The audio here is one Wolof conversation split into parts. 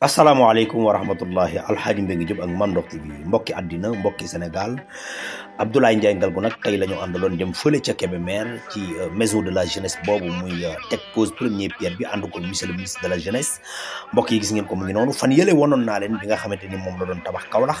asalaamaaleykum wa rahmatullahi alxaaji Mbengue Diop ak Mandox TV mbokki àddina mbokki Sénégal Abdoulaye Ndiaye Ngalgou nag tey la ñu àndaloon jëm fële ca Kébémer ci euh, maison de la jeunesse boobu muy euh, teg pose première pierre bi ànd ko monsieur le ministre de la jeunesse mbokk yi gis ngeen ko mu ngi noonu fan yële wonoon naa leen bi nga xamante ni moom la doon tabax Kaolack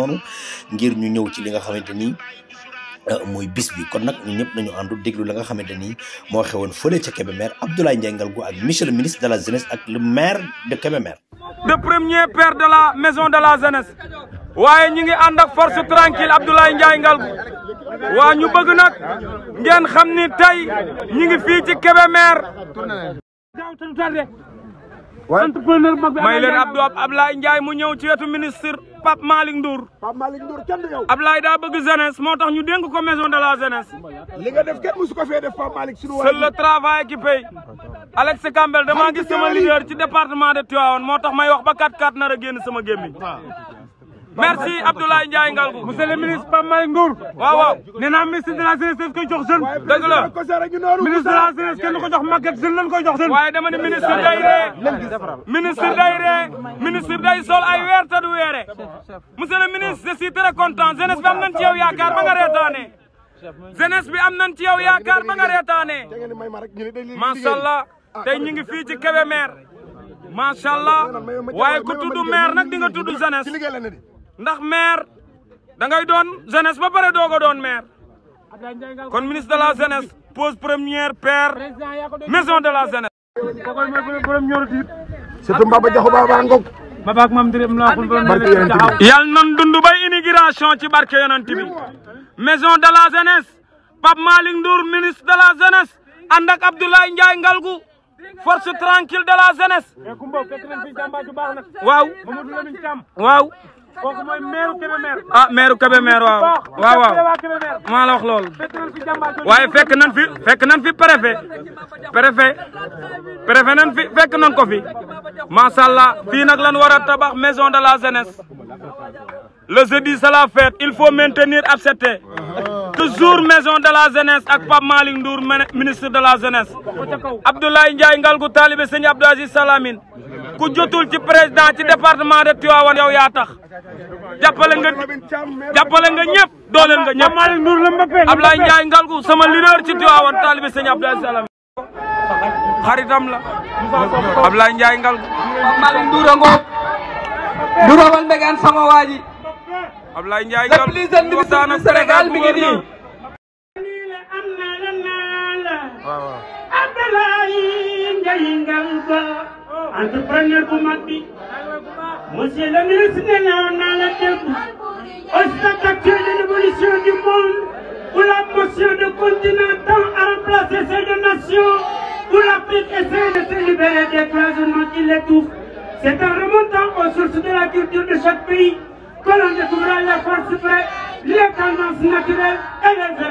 noonu ngir ñu ñëw ci li nga xamante ni euh, muy bis bi kon nag ñu ñëpp nañu àndu déglu la nga xamante ni moo xewoon fële ca Kébémer Abdoulaye Ndiaye Ngalgou ak monsieur le ministre de la jeunesse ak le maire de Kébémer le premier père de la maison de la jeunesse waaye ñu ngi ànd ak force tranquille Abdoulaye Ndiaye Ngalgou waa ñu bëgg nag ngeen xam ni tey ñu ngi fii ci Kébémer entrepreneur mag bi may leen Abdou Ablaye Ndiaye mu ñëw ci wetu ministre Pape Malick Ndour. Pape Malick Ndour kenn du yow. Ablaye daa bëgg jeunesse moo tax ñu dénk ko maison de la jeunesse. li nga def kenn musu ko fee def Pape Alex Kambel damaa gis sama leader ci département de Tivaouane moo tax may wax ba 4-4 nar a génn sama gémmiñ. merci Abdoulaye Ndiaye Ngalgou. monsieur le ministre Pape Malick Ndour. waaw waaw ministre de la jeunesse dañ koy jox jeune. ministre de la kenn lañ koy jox jeune. waaye dama ni ministre day ree. ministre day ree ay weer te du weere. monsieur ministre je suis très content bi am nañ ci yow yaakaar ba nga reetaane. jeunesse bi am nañ ci yow yaakaar ba nga reetaane. macha allah tey ñu ngi fii ci Kébémer macha allah waaye ku tudd maire nag di nga tudd ndax maire da ngay doon jeunesse ba pare doog a doon maire kon ministre de la jeunesse pose première pierre maison de la jeunesse. kooku mooy borom ñoru tiit. surtout Mbaba Diakhou Baba Ngok. Mbaba ak maam Ndirim laa ko borom yal nan dund immigration ci barke yonent bi maison de la jeunesse Pape Malick Ndour ministre de la jeunesse ànd ak Abdoulaye Ndiaye Ngalgu. force tranquille de la jeunesse. waaw waaw. kooku mooy maire Kébémer ah maire Kébémer waaw waaw waaw maa la wax lool waaye fekk nan fi fekk nan fi préfet préfet préfet nan fi fekk nan ko fi macha allah fii nag lan war a tabax maison de la jeunesse le jeudi c'est la fête il faut maintenir accepter toujours maison de la jeunesse ak Pape Malick Ndour ministre de la jeunesse Abdoulaye Ndiaye ngalgu taalibe sëñ Abdou Aziz Salamine ku jotul ci président ci département de Tivaouane yow yaa tax jàppale nga jàppale nga ñëpp dooleel nga ñëpp Ablaye Ndiaye Ngalgu sama leader ci Tivaouane taalibe sëñ Abdoulaye Salam xaritam la Ablaye Ndiaye Ngalgu Malick Ndour a ngoog durawal mbegaan sama waa ji entrepreneur bu mag bi monsieur le ministre nee na woon naa la dégg obstacle de l'évolution du monde où la motion de continent tend à remplacer celle de nation où l'Afrique essaie de se libérer des cloisonnements qui l'étouffent c'est en remontant aux sources de la culture de chaque pays que l'on découvrira la force vraie les tendances naturelles et les